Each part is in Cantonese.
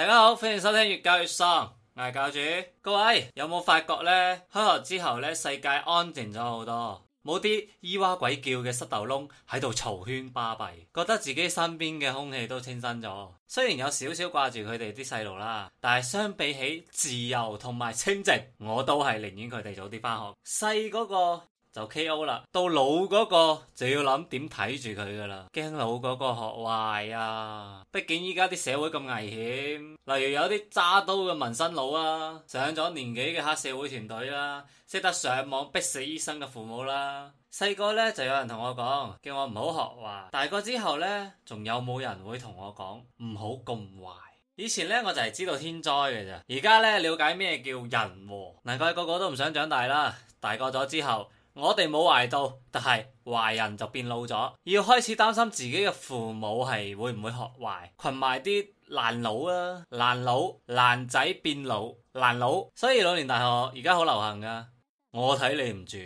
大家好，歡迎收聽粵教粵喪，我係教主。各位有冇發覺呢？開學之後呢，世界安靜咗好多，冇啲咿哇鬼叫嘅膝頭窿喺度嘈喧巴閉，覺得自己身邊嘅空氣都清新咗。雖然有少少掛住佢哋啲細路啦，但係相比起自由同埋清靜，我都係寧願佢哋早啲翻學。細嗰個。就 K.O. 啦，到老嗰個就要諗點睇住佢噶啦，驚老嗰個學壞啊！畢竟依家啲社會咁危險，例如有啲揸刀嘅紋身佬啦、啊，上咗年紀嘅黑社會團隊啦、啊，識得上網逼死醫生嘅父母啦。細個呢就有人同我講，叫我唔好學壞。大個之後呢，仲有冇人會同我講唔好咁壞？以前呢，我就係知道天災嘅咋，而家呢，了解咩叫人禍。難、呃、怪個個都唔想長大啦。大個咗之後。我哋冇壞到，但係壞人就變老咗，要開始擔心自己嘅父母係會唔會學壞，群埋啲爛佬啊！爛佬爛仔變老，爛佬，所以老年大學而家好流行噶。我睇你唔住，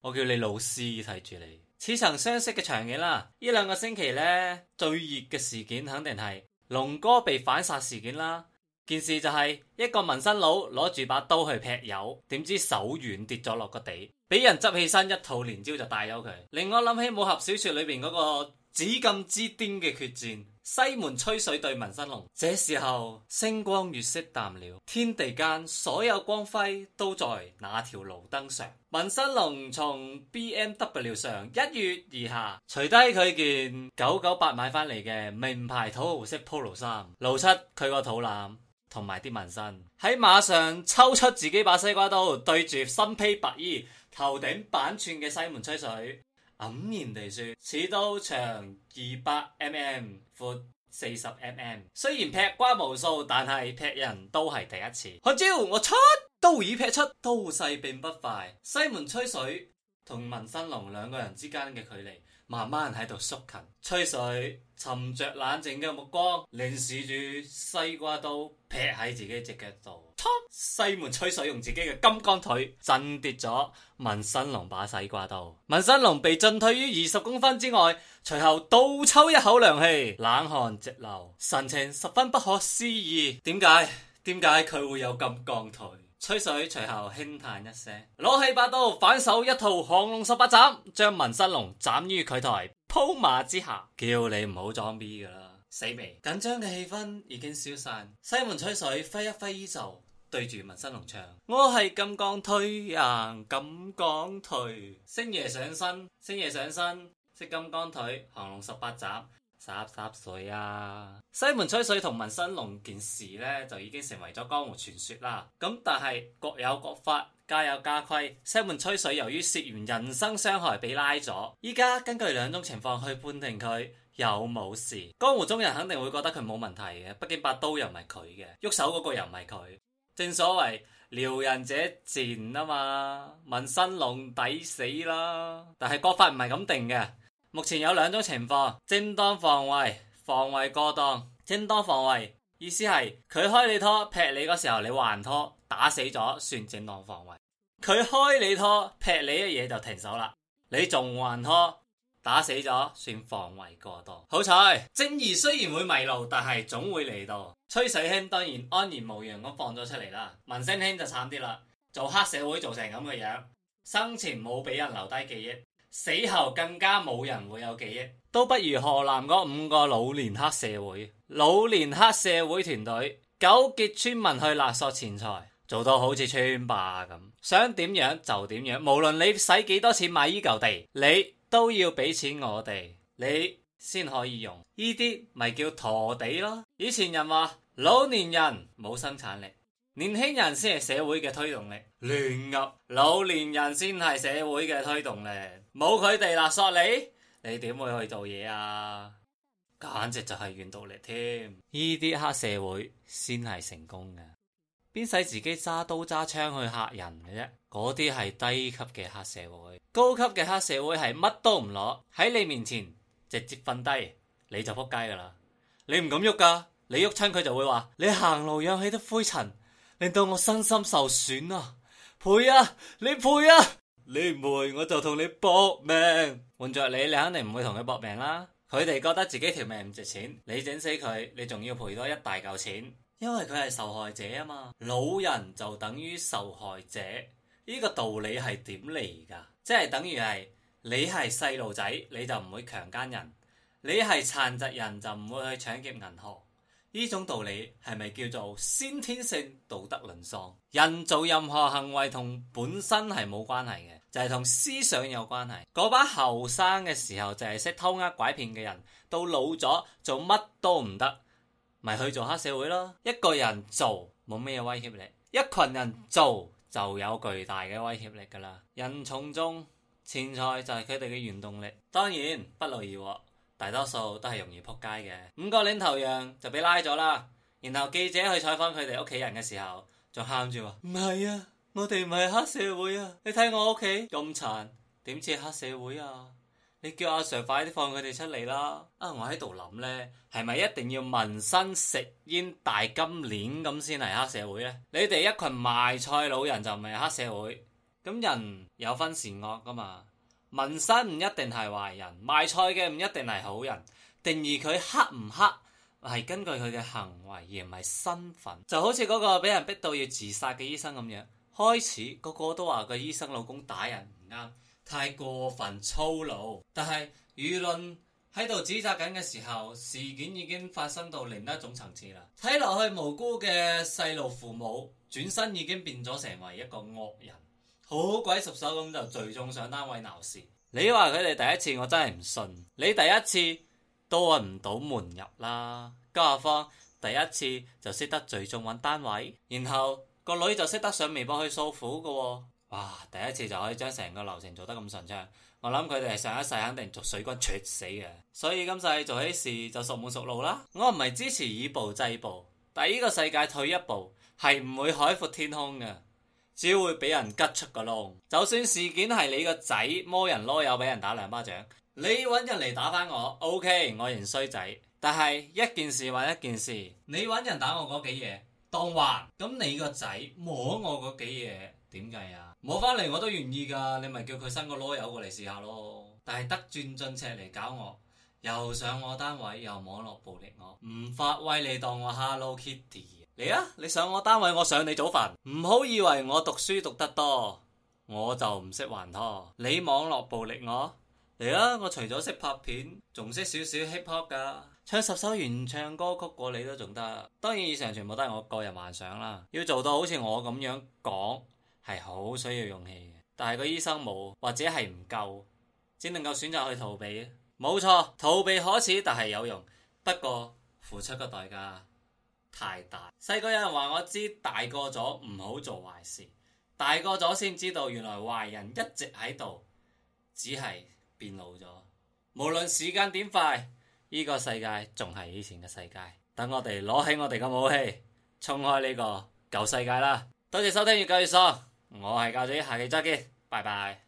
我叫你老師睇住你。似曾相識嘅場景啦，呢兩個星期呢，最熱嘅事件肯定係龍哥被反殺事件啦。件事就係一個紋身佬攞住把刀去劈友，點知手軟跌咗落個地，俾人執起身一套連招就帶咗佢。令我諗起武俠小說裏面嗰個紫禁之巔嘅決戰，西門吹水對紋身龍。這時候星光月色淡了，天地間所有光輝都在那條路燈上。紋身龍從 BMW 上一躍而下，除低佢件九九八買翻嚟嘅名牌土豪式 Polo 衫，露出佢個肚腩。同埋啲紋身，喺馬上抽出自己把西瓜刀，對住身披白衣、頭頂板寸嘅西門吹水，黯然地説：此刀長二百 mm，闊四十 mm。雖然劈瓜無數，但係劈人都係第一次。看招，我出刀已劈出，刀勢並不快。西門吹水同紋身龍兩個人之間嘅距離，慢慢喺度縮近吹水，沉着冷靜嘅目光凝視住西瓜刀劈喺自己隻腳度。噹西門吹水用自己嘅金剛腿震跌咗紋身龍把西瓜刀，紋身龍被震退於二十公分之外，隨後倒抽一口涼氣，冷汗直流，神情十分不可思議。點解？點解佢會有金剛腿？吹水隨後輕嘆一聲，攞起把刀，反手一套降龍十八斬，將紋身龍斬於佢台寶馬之下，叫你唔好裝逼噶啦，死未？緊張嘅氣氛已經消散，西門吹水揮一揮衣袖，對住紋身龍唱：我係金剛腿、啊，人金剛腿，星爺上身，星爺上身，識金剛腿，降龍十八斬。三十三水啊！西門吹水同紋身龍件事呢，就已經成為咗江湖傳說啦。咁但係各有國法，家有家規。西門吹水由於涉嫌人身傷害被，被拉咗。依家根據兩種情況去判定佢有冇事。江湖中人肯定會覺得佢冇問題嘅，畢竟把刀又唔係佢嘅，喐手嗰個又唔係佢。正所謂撩人者賤啊嘛，紋身龍抵死啦。但係國法唔係咁定嘅。目前有兩種情況：正當防衛、防衛過當。正當防衛意思係佢開你拖劈你嗰時候，你還拖打死咗算正當防衛；佢開你拖劈你一嘢就停手啦，你仲還，還拖打死咗算防衛過當。好彩正義雖然會迷路，但係總會嚟到。吹水兄當然安然無恙咁放咗出嚟啦，紋身兄就慘啲啦，做黑社會做成咁嘅樣，樣，生前冇俾人留低記憶。死後更加冇人會有記憶，都不如河南嗰五個老年黑社會。老年黑社會團隊糾結村民去勒索錢財，做到好似村霸咁，想點樣就點樣。無論你使幾多錢買呢嚿地，你都要俾錢我哋，你先可以用。呢啲咪叫陀地咯。以前人話老年人冇生產力。年輕人先係社會嘅推動力，亂噏，老年人先係社會嘅推動力。冇佢哋勒索你，你點會去做嘢啊？簡直就係原動力添。呢啲黑社會先係成功嘅，邊使自己揸刀揸槍去嚇人嘅啫？嗰啲係低級嘅黑社會，高級嘅黑社會係乜都唔攞喺你面前直接瞓低，你就扑街噶啦。你唔敢喐噶，你喐親佢就會話你行路揚起啲灰塵。令到我身心受損啊！賠啊！你賠啊！你唔賠我就同你搏命。換着你，你肯定唔會同佢搏命啦。佢哋覺得自己條命唔值錢，你整死佢，你仲要賠多一大嚿錢，因為佢係受害者啊嘛。老人就等於受害者，呢個道理係點嚟噶？即係等於係你係細路仔，你就唔會強姦人；你係殘疾人，就唔會去搶劫銀行。呢種道理係咪叫做先天性道德淪喪？人做任何行為同本身係冇關係嘅，就係、是、同思想有關係。嗰班後生嘅時候就係識偷呃拐騙嘅人，到老咗做乜都唔得，咪去做黑社會咯。一個人做冇咩威脅力，一群人做就有巨大嘅威脅力㗎喇。人從中錢財就係佢哋嘅原動力，當然不勞而獲。大多數都係容易撲街嘅，五個領頭羊就俾拉咗啦。然後記者去採訪佢哋屋企人嘅時候，就喊住話：唔係啊，我哋唔係黑社會啊！你睇我屋企咁殘，點似黑社會啊？你叫阿 sir 快啲放佢哋出嚟啦！啊，我喺度諗呢，係咪一定要紋身、食煙、大金鏈咁先係黑社會呢？你哋一群賣菜老人就唔係黑社會。咁人有分善惡噶嘛？紋身唔一定係壞人，賣菜嘅唔一定係好人。定義佢黑唔黑係根據佢嘅行為而唔係身份。就好似嗰個俾人逼到要自殺嘅醫生咁樣，開始個個都話個醫生老公打人唔啱，太過分粗魯。但係輿論喺度指責緊嘅時候，事件已經發生到另一種層次啦。睇落去無辜嘅細路父母，轉身已經變咗成為一個惡人。好鬼熟手咁就聚眾上單位鬧事，你話佢哋第一次我真係唔信，你第一次都揾唔到門入啦，加上第一次就識得聚眾揾單位，然後個女就識得上微博去訴苦㗎喎，哇，第一次就可以將成個流程做得咁順暢，我諗佢哋係上一世肯定做水軍猝死嘅，所以今世做起事就熟門熟路啦。我唔係支持以暴制暴，但呢個世界退一步係唔會海闊天空嘅。只會俾人吉出個窿，就算事件係你個仔摸人囉柚俾人打兩巴掌，你揾人嚟打翻我，OK，我認衰仔。但係一件事話一件事，你揾人打我嗰幾嘢當還，咁你個仔摸我嗰幾嘢點計啊？摸翻嚟我都願意噶，你咪叫佢伸個囉柚過嚟試下咯。但係得寸進尺嚟搞我，又上我單位，又網絡暴力我，唔發威你當我 Hello Kitty。嚟啊！你上我單位，我上你早飯。唔好以為我讀書讀得多，我就唔識還拖。你網絡暴力我，嚟啦！我除咗識拍片，仲識少少 hiphop 噶，唱十首原唱歌曲過你都仲得。當然以上全部都係我個人幻想啦。要做到好似我咁樣講，係好需要勇氣嘅。但係個醫生冇，或者係唔夠，只能夠選擇去逃避。冇錯，逃避可恥，但係有用。不過付出個代價太大，細個有人話我知，大個咗唔好做壞事，大個咗先知道原來壞人一直喺度，只係變老咗。無論時間點快，呢個世界仲係以前嘅世界。等我哋攞起我哋嘅武器，衝開呢個舊世界啦！多謝收聽粵教粵喪，我係教主，下期再見，拜拜。